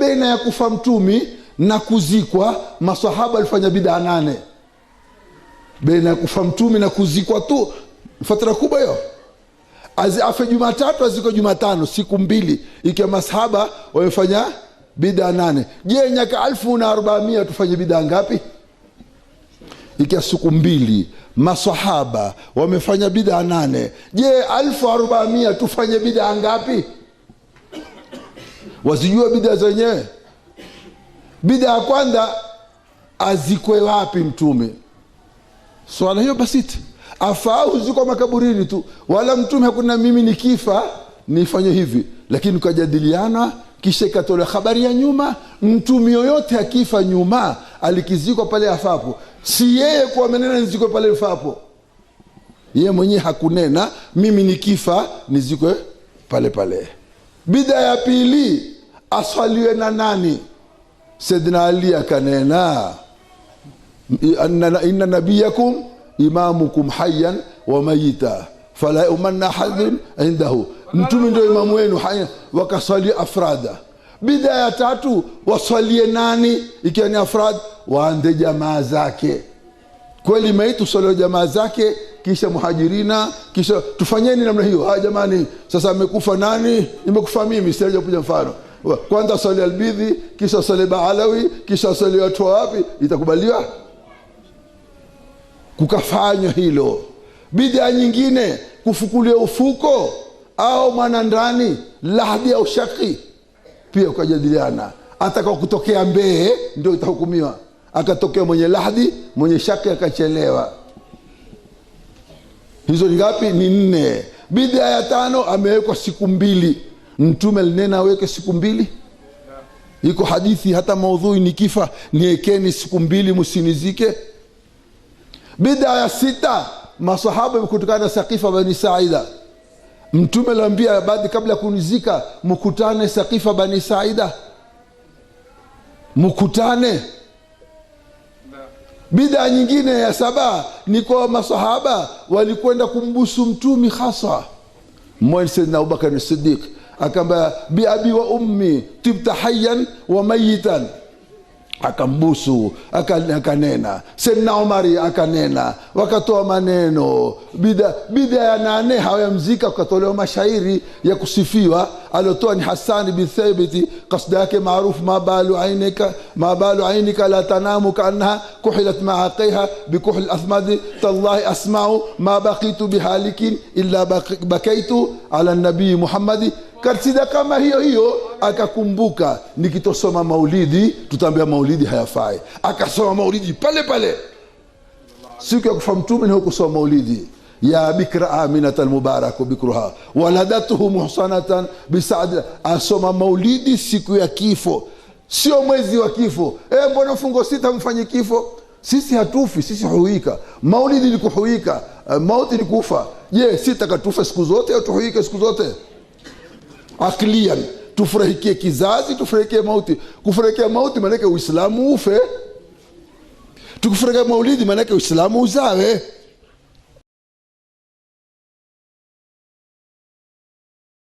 baina ya kufa mtumi na kuzikwa masahaba alifanya bidaa nane baina ya kufa mtumi na kuzikwa tu fatira kubwa hiyo afe jumatatu aziko jumatano siku mbili ikiwa masahaba wamefanya bidaa nane je nyaka alfu na arobamia tufanye bidaa ngapi ikiwa siku mbili masahaba wamefanya bidaa nane je alfu arobamia tufanye bidaa ngapi wasijue bidha zenyewe. bidha ya kwanza azikwe wapi mtume? Swala hiyo basiti, afau ziko makaburini tu, wala mtume hakuna mimi nikifa nifanye hivi, lakini ukajadiliana kisha ikatolewa habari ya nyuma. Mtume yoyote akifa nyuma alikizikwa pale afapo, si yeye kuwa menena nizikwe pale mfapo. Yeye mwenyewe hakunena mimi nikifa nizikwe pale pale bidha ya pili aswaliwe na nani sedna ali akanena inna nabiyakum imamukum hayan wa mayita fala umanna hadhun indahu mtume ndio imamu wenu haya wakaswalia afrada bidha ya tatu waswalie nani ikiwa ni afrad waande jamaa zake kweli maitu uswaliwa jamaa zake kisha muhajirina kisha tufanyeni namna hiyo ha, jamani sasa amekufa nani nimekufa mimi sitaja kupiga mfano kwanza swali albidhi kisha swali baalawi kisha swali watu wapi itakubaliwa kukafanywa hilo bidhaa nyingine kufukulia ufuko au mwana ndani lahdhi au shaki pia ukajadiliana atakao kutokea mbee ndio itahukumiwa akatokea mwenye lahdhi mwenye shaki akachelewa hizo ni ngapi ni nne bidhaa ya tano amewekwa siku mbili mtume alinena aweke siku mbili iko hadithi hata maudhui nikifa niekeni siku mbili msinizike bidhaa ya sita masahaba kutokana na sakifa bani saida mtume aliambia badi kabla ya kunizika mkutane sakifa bani saida mkutane Bidaa nyingine ya saba ni kwa masahaba walikwenda kumbusu mtumi hasa mmoja, Saidina abubakar sidik akaambia biabi wa ummi tibta hayan wa mayitan akambusu akanena sedna umari akanena wakatoa maneno bidha, bidha ya nane hawayamzika wakatolewa mashairi ya kusifiwa aliotoa ni hasani bin thabiti kasda yake maarufu mabalu ainika mabalu ainika la tanamu kaannaha kuhilat maaqiha bikuhi lathmadi tallahi asmau ma bakitu bihalikin illa bakaitu ala nabii muhammadi karsida kama hiyo hiyo akakumbuka, nikitosoma maulidi tutaambia maulidi hayafai, akasoma maulidi pale pale. Siku ya kufa Mtume ni hukusoma maulidi ya bikra aminata lmubaraku bikruha waladatuhu muhsanatan bisaadi, asoma maulidi siku ya kifo, sio mwezi wa kifo. E, mbona mfungo sita mfanye kifo? Sisi hatufi, sisi huika. Maulidi ni kuhuika, e, mauti ni kufa. Je, sitakatufa siku zote au tuhuike siku zote? aklian tufurahikie kizazi tufurahikie mauti kufurahikia mauti maanake uislamu ufe tukufurahikia maulidi maanake uislamu uzawe